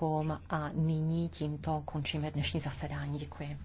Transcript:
úspěchům a nyní tímto končíme dnešní zasedání. Děkuji.